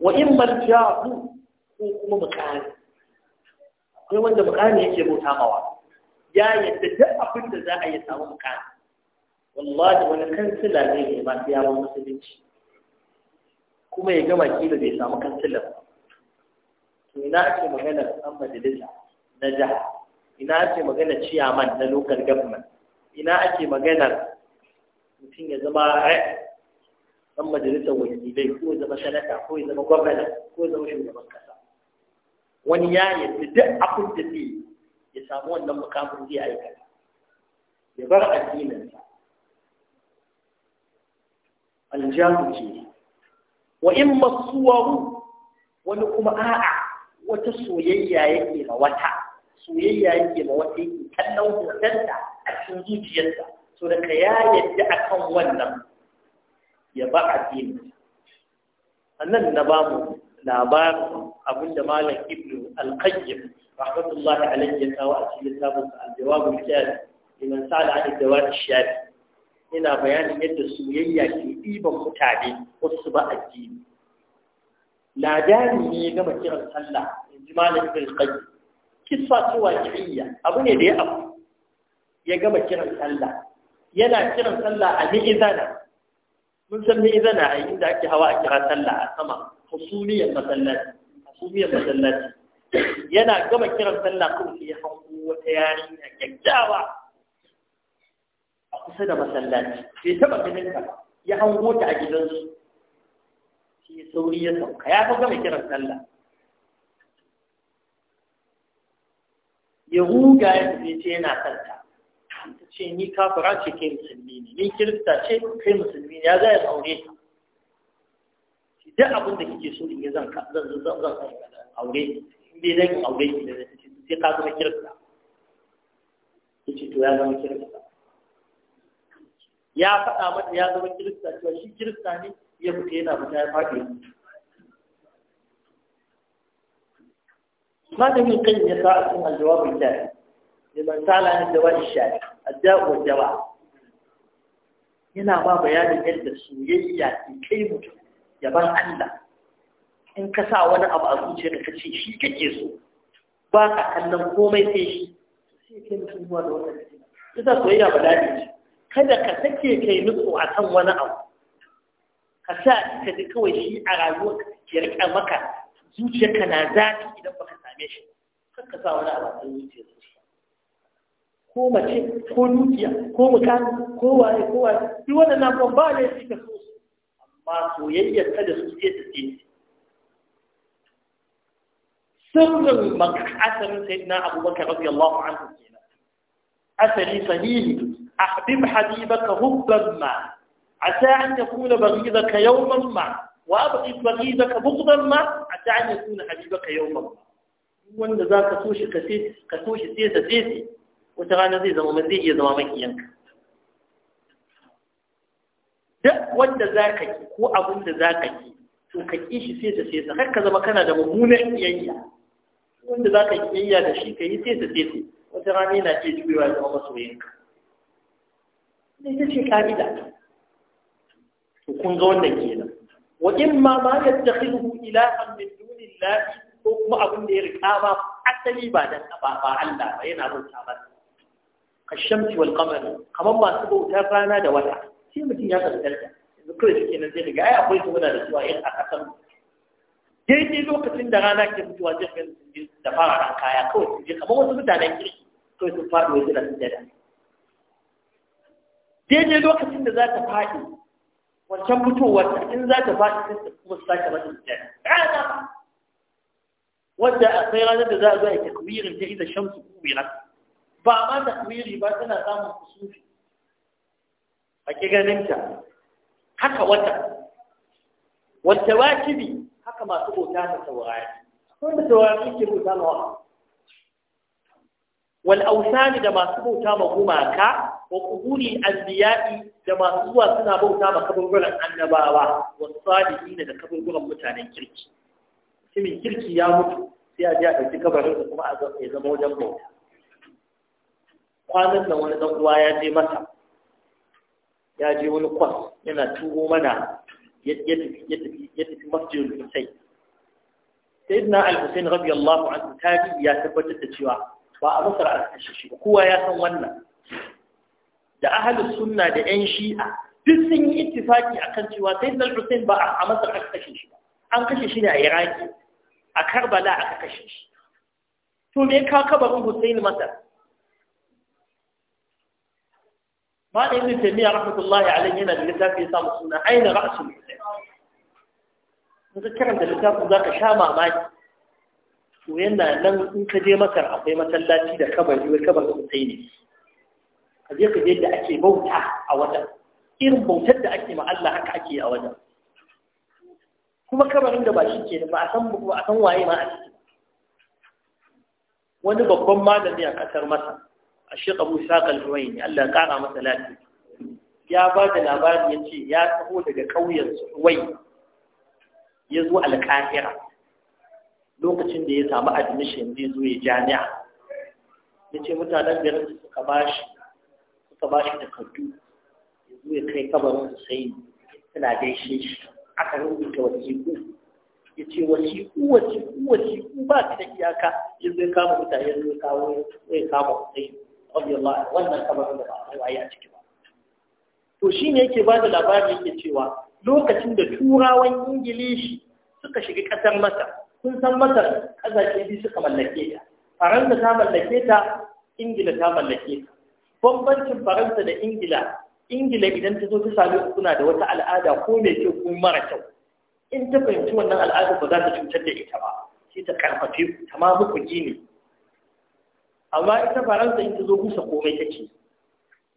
Speaker 1: wa in bal jahu ko kuma mukami akwai wanda mukami yake bauta mawa ya yadda duk abin da za a yi samu mukami wallahi wani kansila ne ne ba sai yawon musulunci kuma ya gama kila bai samu kansilan ba to ina ake magana an majalisa na jiha ina ake magana ciyaman na local government ina ake magana mutum ya zama ɗan majalisar wakilai ko zama sanata ko zama gwamnati ko zama shugaban kasa wani ya yadda duk abin da zai ya samu wannan mukamin zai aikata ya bar addininsa aljahu ce wa in masuwaru wani kuma a'a wata soyayya yake ma wata soyayya yake ma wata yake kallon hotonta a cikin zuciyarsa so da ka ya yadda akan wannan ya ba a A nan na ba mu labarin abinda malam ibnu al-qayyim rahmatullahi alayhi ya kawo a cikin littafin al-jawabul kafi liman sa'ala an dawar shafi ina bayanin yadda soyayya ke ɗiban mutane wasu ba Na ladani ne ya gama kiran sallah in ji malar ibn qayyim kisa tuwa waqi'iyya abu ne da ya abu ya gama kiran sallah yana kiran sallah a ni'izana mun san me zana a inda ake hawa a kira sallah a sama hasumiyar masallaci masallaci yana gama kiran sallah kawai sai ya hango wata yarinya kyakkyawa a kusa da masallaci sai taba ganin ya hango ta a gidansu shi sauri ya sauka ya fa gama kiran sallah ya ruga ya ce yana santa ce ni kafira ce kai musulmi ne ni kirista ce kai musulmi ne ya za ya aure ta duk abin da kike so in yi zan zan zan zan aure in dai zan aure ki da sai ka zama kirista ce to ya zama kirista ya faɗa mata ya zama kirista cewa shi kirista ne ya fita yana fita ya faɗi malamin kan ya sa a cikin aljawabin da liman sala ne da wani shafi adda'u wa jaba yana ba bayanin yadda soyayya ke kai mutum yaban Allah in ka sa wani abu a zuciyarka ka ce shi kake so ba ka kallon komai sai shi sai kai mutum zuwa da wannan ita soyayya ba da ce kada ka sake kai nutsu a kan wani abu ka sa ka ji kawai shi a rayuwar ya riƙa maka zuciyarka na zafi idan ba ka same shi kar ka sa wani abu a zuciyarka ko mace ko dukiya ko mutane ko waye ko waye duk wannan abubuwan ba ne suka so amma soyayyar ta da su sai ta ce sirrin makasarin sayyidina abubakar radiyallahu anhu kenan asali sahihi أحبب حبيبك هبا ما عسى أن يكون بغيضك يوما ما وأبغض بغيضك بغضا ما عسى أن يكون حبيبك يوما ما وأن ذاك سوشي كسيسي كسوشي سيسي سيسي wata rana zai zama zai iya zama yanka duk wanda za ka ki ko abin da za ka ki to ka ki shi sai ta sai ta har ka zama kana da mummunan iyayya wanda za ka iyayya da shi ka yi sai ta sai ta wata rana yana ce juyewa zama yanka sai ta ce ta. to kun ga wannan kenan wa in ma ma yattakhidhu ilahan min dunillahi ko kuma abin da ya rika ba asali ba dan ba Allah ba yana zuwa ba kashamci wal kamar masu bauta rana da wata sai mutum ya kasantarta yanzu kawai shi kenan zai daga ai akwai su muna da suwa a yin a kasan daidai lokacin da rana ke fitowa zai ga su je da fara ran kaya kawai su je kamar wasu mutane kirki kawai sun faɗi wasu da sujada daidai lokacin da za ta faɗi wancan fitowar ta in za ta faɗi sai ta kuma sake mata sujada rana wanda akwai ranar da za a zo a takwirin ta ita shamsu kubirat ba ma takwiri ba tana samun kusufi a ke ganinta haka wata
Speaker 2: wata
Speaker 1: bi haka masu bauta na saurari wanda saurari ke bauta mawa wal ne da masu bauta ma gumaka wa kuburi anbiya'i da masu zuwa suna bauta ma kaburburan annabawa wasu wa ne da kaburburan mutanen kirki mutumin kirki ya mutu sai a je a ɗauki kabarin kuma a zama wajen bauta kwanan nan wani dan uwa ya je masa ya je wani kwas yana tuho mana ya tafi ya tafi ya sayyidina al-husayn radiyallahu anhu ya tabbatar da cewa ba a masar a kashe shi kowa ya san wannan da ahlus sunna da yan shi'a duk sun yi ittifaki akan cewa sayyidina al-husayn ba a masar a kashe shi an kashe shi ne a iraki a karbala aka kashe shi to me ka kabarin Hussaini masar ba da ibn taymiya rahmatullahi alaihi yana da littafi ya samu suna aina ra'sul islam in ka karanta littafin za ka sha mamaki to yana nan in ka je masar akwai masallaci da kabari wai kabarin sosai ne ka je ka je da ake bauta a wajen irin bautar da ake ma Allah haka ake a wajen kuma kabarin da ba shi ke ba a san ba a san waye ma a ciki wani babban malami a kasar masa الشيخ أبو إسحاق الحويني الله قارع مثلا labarin ya ce ya يا daga لك قوي ya zo الكاهرة lokacin da ya samu admission zai zo ya jami'a ya ce mutanen da ya rasu suka bashi suka bashi takardu ya zo ya kai kabarin su sai suna gaishe shi aka rubuta wasiƙu ya ce wasiƙu wasiƙu wasiƙu ba su da iyaka ya zai kama mutane zai kawo kama sai radiyallahu anhu wannan kabarin da ba a waye a ciki ba to shine yake bada labari yake cewa lokacin da turawan ingilishi suka shiga kasar masar sun san masar kasashe biyu suka mallake ta faransa ta mallake ta ingila ta mallake ta bambancin faransa da ingila ingila idan ta zo ta sami kuna da wata al'ada ko mai kyau ko mara kyau in ta fahimci wannan al'adar ba za ta cutar da ita ba sai ta karfafe ku ta ma muku gini amma ita faransa ita zo kusa komai take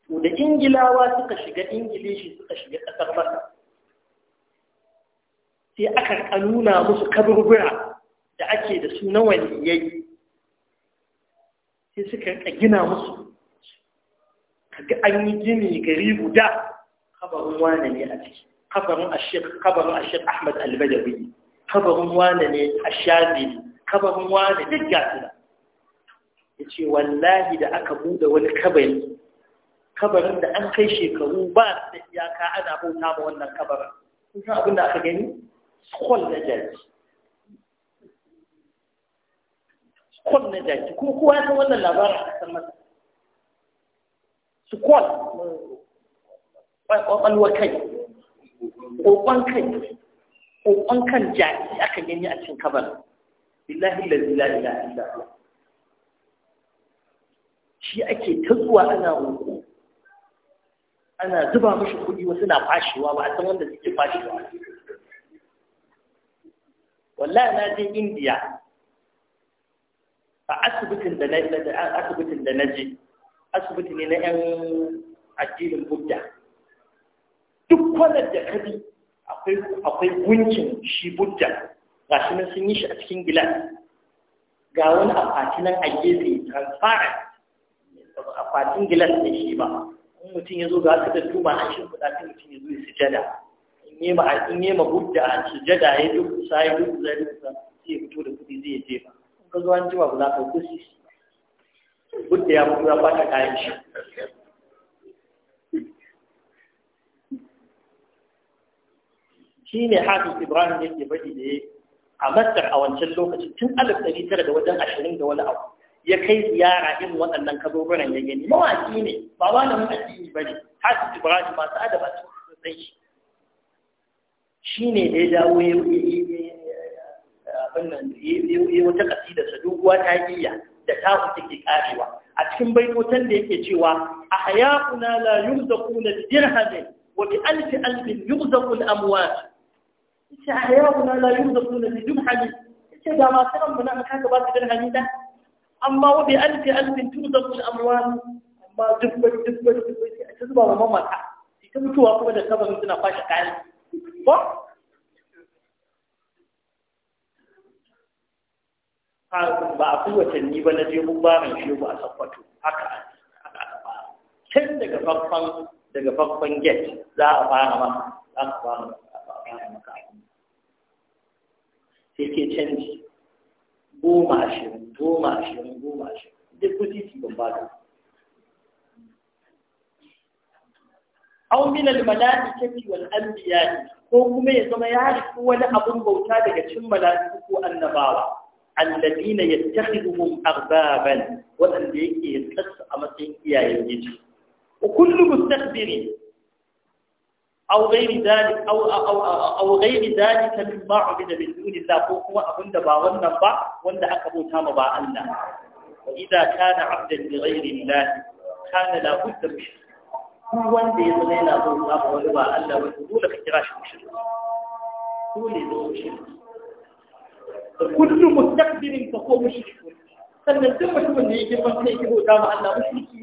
Speaker 1: to da ingilawa suka shiga ingilishi suka shiga ƙasar masa sai aka kanuna musu kaburbura da ake da su na waliyai sai suka gina musu kaga an yi gini gari guda kabarin wane ne a ciki kabarin ashek kabarin ashek ahmad albadawi kabarin wane ne ashabi kabarin wane duk gasu ya ce wallahi da aka buɗe wani kabari kabarin da an kai shekaru ba da iyaka ana bauta ma wannan kabarin kun san abin da aka gani skol na jaki skol na jaki kuma kowa ya san wannan labarin a kasar masa skol kwakwalwa kai kokon kai kokon kan jaki aka gani a cikin kabarin billahi la ilaha illa shi ake ta zuwa ana roƙo ana zuba mashi kuɗi wasu na fashewa ba a san wanda suke fashewa wallahi na je indiya a asibitin da na asibitin da na je asibiti ne na yan addinin budda duk kwanar da kabi akwai akwai gunkin shi budda shi nan sun yi shi a cikin gilas ga wani akwati nan a gefe transparent akwatin gilas ne shi ba in mutum ya zo ga aka da tuma an shi kuɗa sai mutum ya zo ya sujada in yi ma in yi ma budda a sujada ya duk sa ya duk zai duk sai ya fito da kuɗi zai je ba in ka zo an ji ba za ka kusi budda ya mutu ya fata kayan shi shi ne hafiz ibrahim yake faɗi da ya a masar a wancan lokacin tun alif ɗari tara da wajen ashirin da wani abu ya kai ziyara irin waɗannan kaburburan ya gani mawaki ne ba malamin addini ba ne hasu ibrahim masu adaba sun san shi shi ne da ya dawo ya yi wata kasida da doguwa ta iya da ta ke karewa a cikin baitotan da yake cewa a hayakuna la yurzaquna dirhamin wa bi alfi alfin yurzaqu na amwat ita hayakuna la yurzaquna dirhamin ita da masu ran mun an kaka ba su dirhamin da amma wa bi alfi alfin tuzabu al-amwal amma duk dubbai duk sai a zuba ma mamata sai ta mutuwa kuma da kabarin na kwashe kayan ba ba a kai watanni ba na je mun ba mai ba a sakkwato haka can daga farkon daga farkon get za a fara ba. za a fara maka sai ke canji goma ashirin goma ashirin goma ashirin duk kuɗi su ban ba da min al malaikati wal anbiya ko kuma ya zama ya halitta wani abun bauta daga cin malaiku ko annabawa alladina yattakhiduhum arbaban wadanda yake tsatsa a matsayin iyayen gidi wa kullu أو غير ذلك أو أو أو غير ذلك مما عبد من دون الله فهو أبن دبا والنبا وند أقبو تام با الله وإذا كان عبدا لغير الله كان لا بد مشرك وند يزغينا ذو الله ولبا الله والدول اختراش مشرك كل ذو مشرك كل مستقبل فهو مشرك sannan duk mutumin da ya girma sai ya kibo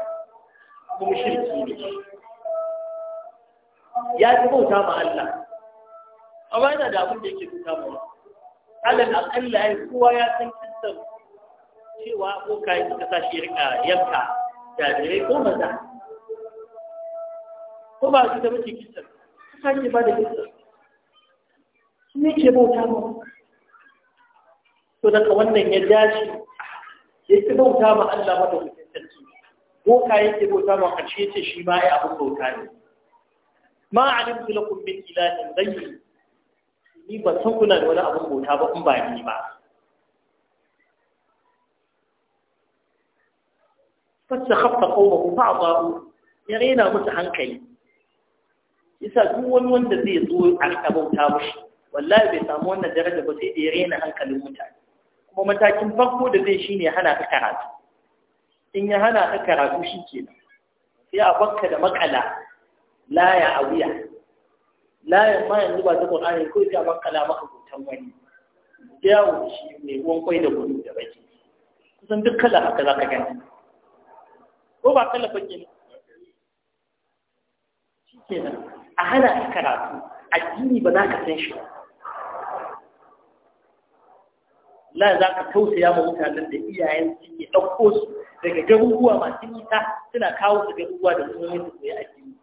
Speaker 1: kuma shirki ne ya fi bauta ma Allah amma yana da abin da yake bauta ma Allah akalla ya kowa ya san kisan cewa boka ya suka sashi rika yanka jarirai ko maza ko ba su da mace kisan su sake ba da kisan su ne ke bauta ma to daga wannan ya dace ya fi bauta ma Allah madaukakin ko ka yake bauta ba a ce shi ma ya abu bauta ne ma alim tulakun min ilahin zai ni ba san kuna da wani abin bauta ba in ba ni ba fasta hafta fa ba ba ya raina musu hankali Isa duk wani wanda zai zo a rika bauta ba shi, wallahi bai samu wannan daraja ba sai da ya raina hankalin mutane kuma matakin farko da zai shine hana ka karatu in ya hana ka karatu shi ke sai a bakka da makala laya a wuya layan ma yanzu ba ta ƙwararri ko ita makala maka hutan wani ya wuce mai ruwan kwai da gudu da baki kusan duk kala haka za ka gani ko ba kala fage ne shi ke nan a hana ka karatu addini ba za ka san shi ba la za ka tausaya ma mutanen da iyayen ke ɗauko su daga garuruwa masu nisa suna kawo su garuruwa da sun mutu yi, a jini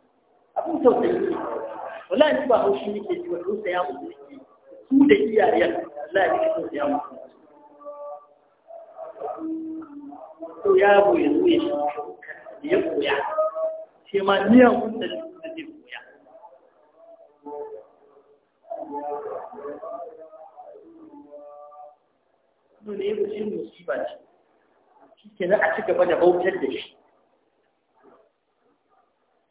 Speaker 1: abin tausayi ne wala ni ba haushi ke ji wa tausaya mu ke su da iyayen la ni ke tausaya mu to ya zo ya shi ya koya shi ma niyan kun to ne ba shi musiba ce ke a ci gaba da bautar da shi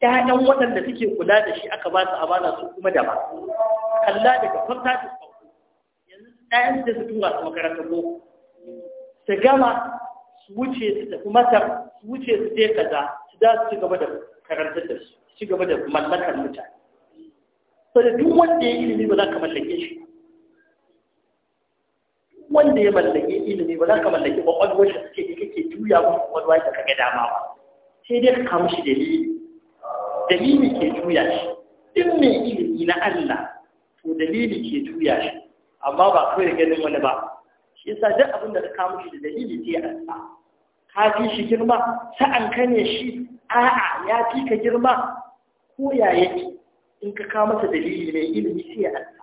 Speaker 1: ‘Ya'yan waɗanda suke kula da shi aka ba su amana su kuma da ba, kalla daga farta da sauko, yanzu ‘ya'yan da su tura su makaranta boko, su gama su wuce su tafi masar, su wuce su je kaza, su da su ci gaba da karantar da su, ci gaba da mallakar mutane. Sau da duk wanda ya yi ilimi ba za ka mallake shi. wanda ya mallake ilimi ba za ka mallaki kwakwalwar shi suke kake juya musu kwakwalwa da kaga dama ba sai dai ka kawo shi dalili dalili ke juya shi din mai ilimi na Allah to dalili ke juya shi amma ba kawai ganin wani ba shi yasa duk abin da ka kawo shi da dalili sai ya asa? ka fi shi girma sa'an ka ne shi a'a ya fi ka girma ko ya yake in ka kawo masa dalili mai ilimi sai ya asa.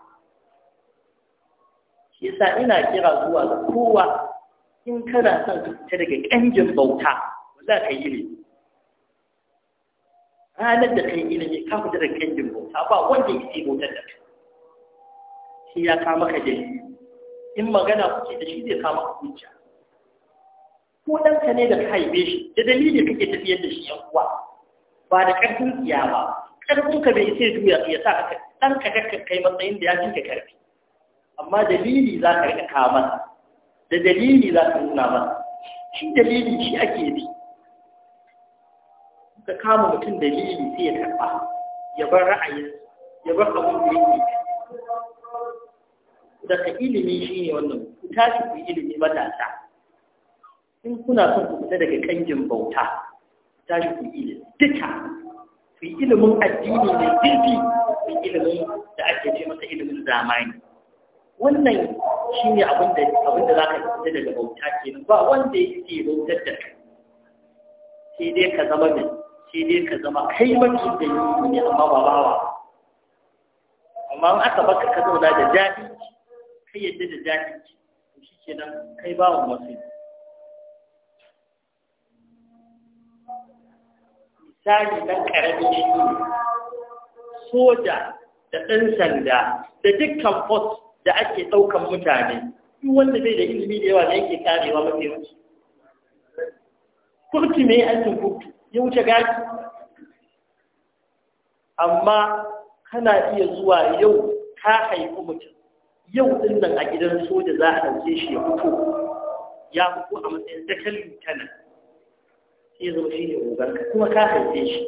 Speaker 1: yasa ina kira zuwa ga kowa in kana son ka fita daga ƙanjin bauta za ka yi ne ranar da ka yi ilimi ka fita daga ƙanjin bauta ba wanda ya ce bautar da kai shi ya kama ka dai in magana kuke da shi zai kama ka hujja ko ɗanka ne da ka haife shi da dalili kake tafiyar da shi yan uwa ba da ƙarfin tsiya ba ƙarfin ka bai sai juya ya sa ka ɗanka kakka kai matsayin da ya fi ka karfi amma dalili za ka riƙa kawo masa da dalili za ka nuna masa shi dalili shi ake bi ka kama mutum dalili sai ya karɓa ya bar ra'ayin ya bar abin da yake daga ilimi shi ne wannan ku tashi ku ilimi matasa in kuna son ku fita daga kangin bauta ku tashi ku ilimi duka ku ilimin addini mai zirfi ku ilimin da ake ce masa ilimin zamani wannan shi ne abinda abinda za ka fita daga bauta ke ba wanda yake bautar da kai sai dai ka zama mai sai dai ka zama kai maki da yi ne amma ba ba amma in aka baka ka zauna da jahilci kai yadda da jahilci to shi ke nan kai bawan wasu misali na karamin shi soja da ɗan sanda da dukkan force da ake ɗaukan mutane duk wanda bai da ilimi da yawa da yake karewa mafi yawanci kurti mai aikin kurti ya wuce gaji amma kana iya zuwa yau ka haifi mutum yau din nan a gidan soja za a ɗauke shi ya fito ya fito a matsayin dakan lintana sai zama shi ne kuma ka haife shi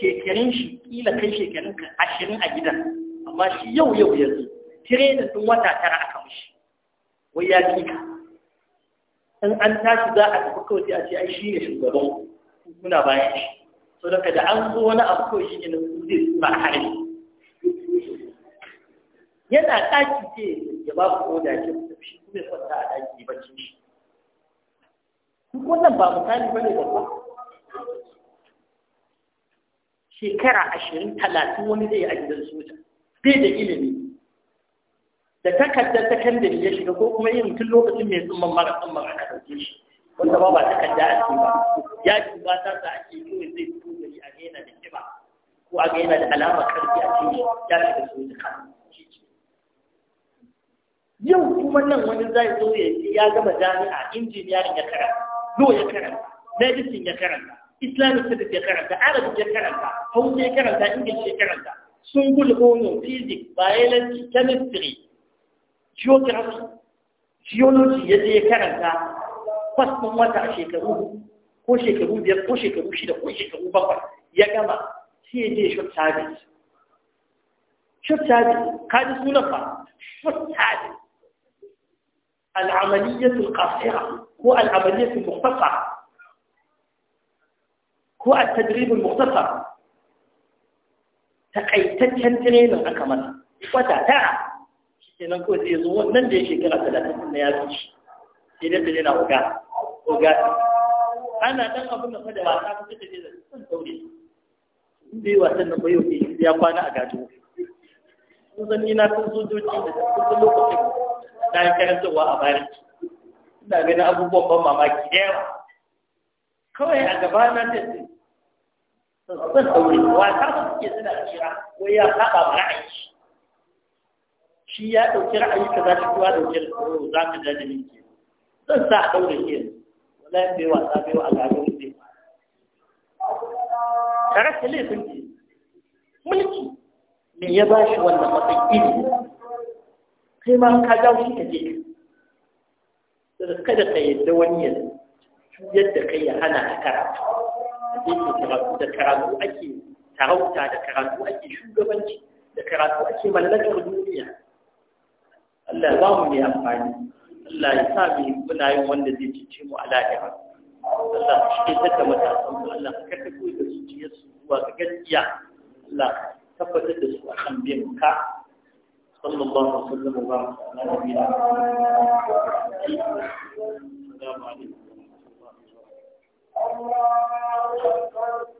Speaker 1: shekarun shi kila kai shekarun ka ashirin a gidan amma shi yau yau ya zo tirenin sun wata tara aka mushi wai ya fi ka in an tashi za a tafi kawai a ce ai shi ne shugaban kuna bayan shi so daga da an zo wani abu kawai shi ne zai tsura hari yana ɗaki ce ya ba ku ko da ke shi kuma ya kwanta a ɗaki ce shi duk wannan ba misali ba babba shekara ashirin talatin wani zai yi a gidan soja bai da ilimi da takardar sakandare ya shiga ko kuma yin tun lokacin mai tsumman mara tsumman aka ɗauke shi wanda ba ba takarda a ce ba ya ci ba ta sa ake kawai zai fito gari a gaina da kiba
Speaker 2: ko a gaina da alama karfi a ce ya shiga soja
Speaker 1: kan yau kuma nan wani zai zo ya ce ya gama jami'a injiniyarin ya karanta lo ya karanta medicine ya karanta islamic studies ya karanta arabic ya karanta hausa ya karanta english ya karanta sun gulgono physics biology chemistry geography geology ya je karanta kwas ɗin wata a shekaru ko shekaru biyar ko shekaru shida ko shekaru bakwai ya gama sai ya je short service short service ka ji sunan fa short service al'amaliyatul qasira ko al'amaliyatul mukhtasara ko a tadribin muktasa takaitaccen tirenin aka mata wata tara shi kawai sai zo wannan da ya shekara talatin na ya zuci sai dai sai na uga uga ana dan abin da fada wasa ta tafi da sun daure Inda yi wasan na ba yau ne ya kwana a gado mun san ina kun sojoji da kun lokacin na yi karantarwa a bayan ina ganin abubuwan ban mamaki da yawa kawai a gaba na ta sun daure wasa suke suna kira wai ya saba aiki. shi ya ɗauki ra'ayi ka za shi kuwa ɗauki ra'ayi za ka ja da minke zan sa a ɗaure ke wala ya bai wasa a wa al'adu zai ba Ta da laifin ke mulki me ya ba shi wannan matsayin ilimi kai ma ka ja shi ka je ka. Da kada ka yadda wani su yadda kai ya hana ka karatu A yake karatu da karatu ake tarauta da karatu ake shugabanci da karatu ake mallakar duniya Allah ya ba mu mai amfani Allah ya sa mu muna yin wanda zai cice mu a lahira Allah shi ne zaka mata mu Allah ka ka koyi da su zuwa ga gaskiya Allah tabbatar da su a kan biyan ka sallallahu alaihi wa sallam ala nabiyina Assalamu alaikum wa rahmatullahi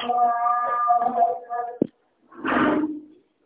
Speaker 1: Thank you.